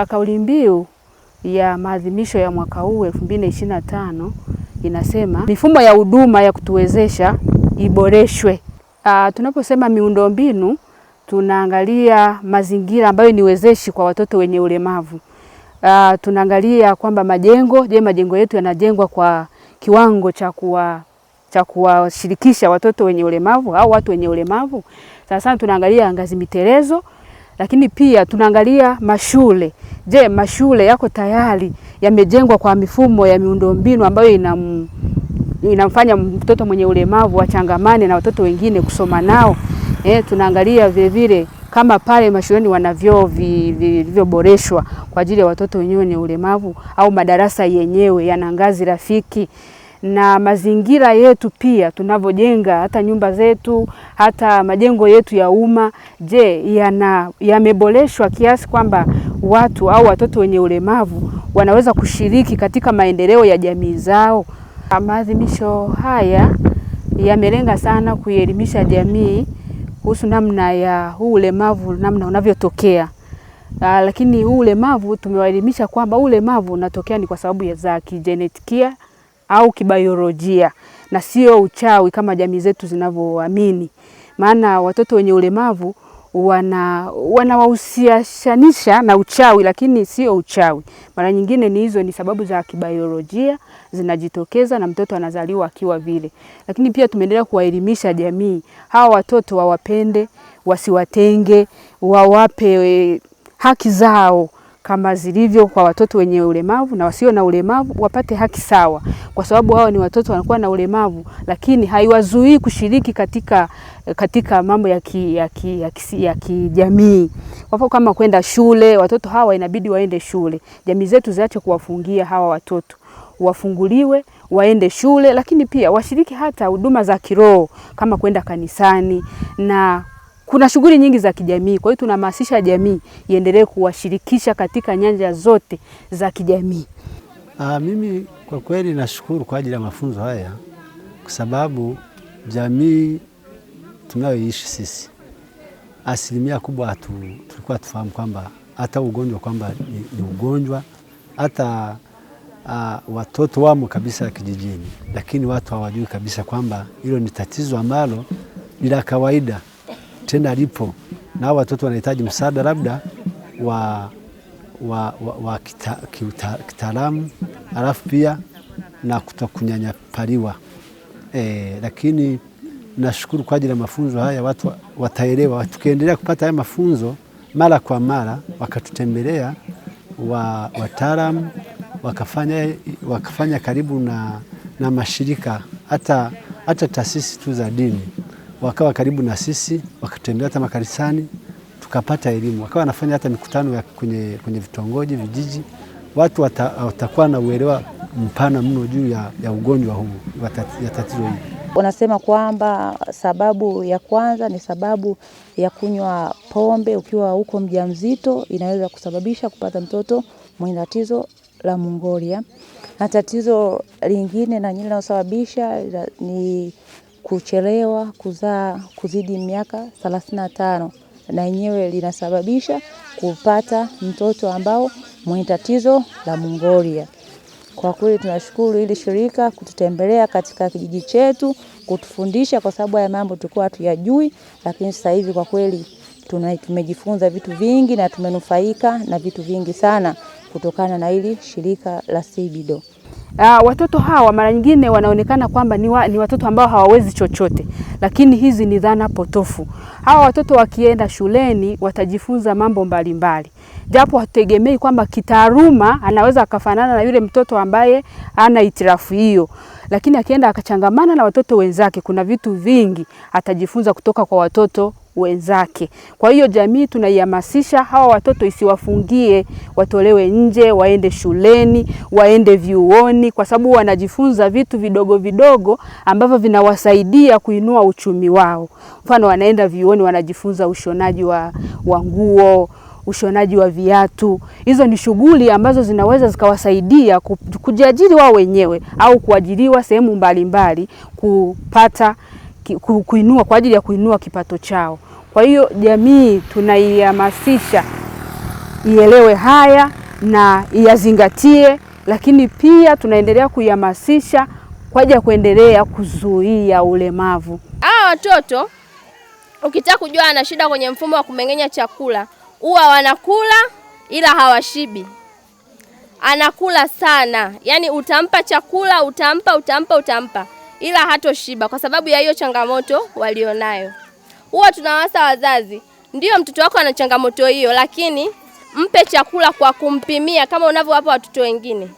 Uh, kauli mbiu ya maadhimisho ya mwaka huu 2025 inasema mifumo ya huduma ya kutuwezesha iboreshwe. Uh, tunaposema miundombinu tunaangalia mazingira ambayo ni wezeshi kwa watoto wenye ulemavu. Uh, tunaangalia kwamba majengo, je, majengo yetu yanajengwa kwa kiwango cha kuwa cha kuwashirikisha watoto wenye ulemavu au watu wenye ulemavu? Sasa tunaangalia ngazi mitelezo lakini pia tunaangalia mashule. Je, mashule yako tayari yamejengwa kwa mifumo ya miundombinu ambayo inam, inamfanya mtoto mwenye ulemavu achangamane na watoto wengine kusoma nao? Eh, tunaangalia vilevile kama pale mashuleni wana vyoo vilivyoboreshwa vi, vi, kwa ajili ya watoto wenyewe wenye ulemavu au madarasa yenyewe yana ngazi rafiki na mazingira yetu pia tunavyojenga hata nyumba zetu hata majengo yetu ya umma, je, yana yameboreshwa kiasi kwamba watu au watoto wenye ulemavu wanaweza kushiriki katika maendeleo ya jamii zao? Maadhimisho haya yamelenga sana kuielimisha jamii kuhusu namna ya huu ulemavu, namna unavyotokea. Ah, lakini huu ulemavu tumewaelimisha kwamba huu ulemavu unatokea ni kwa sababu za kijenetikia au kibayolojia na sio uchawi kama jamii zetu zinavyoamini. Maana watoto wenye ulemavu wana wanawahusianisha na uchawi, lakini sio uchawi. Mara nyingine ni hizo ni sababu za kibayolojia zinajitokeza, na mtoto anazaliwa akiwa vile. Lakini pia tumeendelea kuwaelimisha jamii, hawa watoto wawapende, wasiwatenge, wawape eh, haki zao kama zilivyo kwa watoto wenye ulemavu na wasio na ulemavu wapate haki sawa, kwa sababu hao ni watoto wanakuwa na ulemavu, lakini haiwazuii kushiriki katika, eh, katika mambo ya kijamii ya ki, ya ki, ya ki, hivyo kama kwenda shule. Watoto hawa inabidi waende shule. Jamii zetu ziache kuwafungia hawa watoto, wafunguliwe waende shule, lakini pia washiriki hata huduma za kiroho kama kwenda kanisani na kuna shughuli nyingi za kijamii. Kwa hiyo tunahamasisha jamii iendelee kuwashirikisha katika nyanja zote za kijamii. Aa, ah, mimi kwa kweli nashukuru kwa ajili ya mafunzo haya kwa sababu jamii tunayoishi sisi asilimia kubwa hatu, tulikuwa tufahamu kwamba hata ugonjwa kwamba ni, ni ugonjwa hata uh, watoto wamo kabisa kijijini, lakini watu hawajui kabisa kwamba hilo ni tatizo ambalo ni la kawaida tena alipo, na watoto wanahitaji msaada labda wa, wa, wa, wa kitaalamu kita, alafu pia na kutokunyanyapaliwa e, lakini nashukuru kwa ajili ya mafunzo haya, watu wataelewa. Tukiendelea kupata haya mafunzo mara kwa mara, wakatutembelea wa, wataalamu wakafanya, wakafanya karibu na, na mashirika hata hata taasisi tu za dini wakawa karibu na sisi, wakatembea hata makanisani, tukapata elimu, wakawa wanafanya hata mikutano ya kwenye, kwenye vitongoji vijiji. Watu watakuwa na uelewa mpana mno juu ya, ya ugonjwa huu ya tatizo hili. Wanasema kwamba sababu ya kwanza ni sababu ya kunywa pombe ukiwa huko mjamzito, inaweza kusababisha kupata mtoto mwenye tatizo la Mongolia, na tatizo lingine na nyingine linalosababisha ni kuchelewa kuzaa kuzidi miaka thelathini na tano na yenyewe linasababisha kupata mtoto ambao mwenye tatizo la Mongolia. Kwa kweli tunashukuru hili shirika kututembelea katika kijiji chetu kutufundisha, kwa sababu haya mambo tulikuwa hatuyajui, lakini sasa hivi kwa kweli tumejifunza vitu vingi na tumenufaika na vitu vingi sana kutokana na hili shirika la SIBIDO. Uh, watoto hawa mara nyingine wanaonekana kwamba ni, wa, ni watoto ambao hawawezi chochote, lakini hizi ni dhana potofu. Hawa watoto wakienda shuleni watajifunza mambo mbalimbali mbali. Japo hategemei kwamba kitaaluma anaweza akafanana na yule mtoto ambaye ana itirafu hiyo, lakini akienda akachangamana na watoto wenzake, kuna vitu vingi atajifunza kutoka kwa watoto wenzake. Kwa hiyo jamii tunaihamasisha hawa watoto isiwafungie, watolewe nje, waende shuleni, waende vyuoni, kwa sababu wanajifunza vitu vidogo vidogo ambavyo vinawasaidia kuinua uchumi wao. Mfano, wanaenda vyuoni wanajifunza ushonaji wa, wa nguo ushonaji wa viatu. Hizo ni shughuli ambazo zinaweza zikawasaidia kujiajiri wao wenyewe au kuajiriwa sehemu mbalimbali kupata kuinua kwa ajili ya kuinua kipato chao. Kwa hiyo jamii tunaihamasisha ielewe haya na iyazingatie, lakini pia tunaendelea kuihamasisha kwa ajili ya kuendelea kuzuia ulemavu. Hawa watoto ukitaka kujua ana shida kwenye mfumo wa kumeng'enya chakula, huwa wanakula ila hawashibi, anakula sana. Yaani utampa chakula, utampa utampa utampa ila hatoshiba kwa sababu ya hiyo changamoto walionayo. Huwa tunawasa wazazi, ndiyo mtoto wako ana changamoto hiyo, lakini mpe chakula kwa kumpimia kama unavyowapa watoto wengine.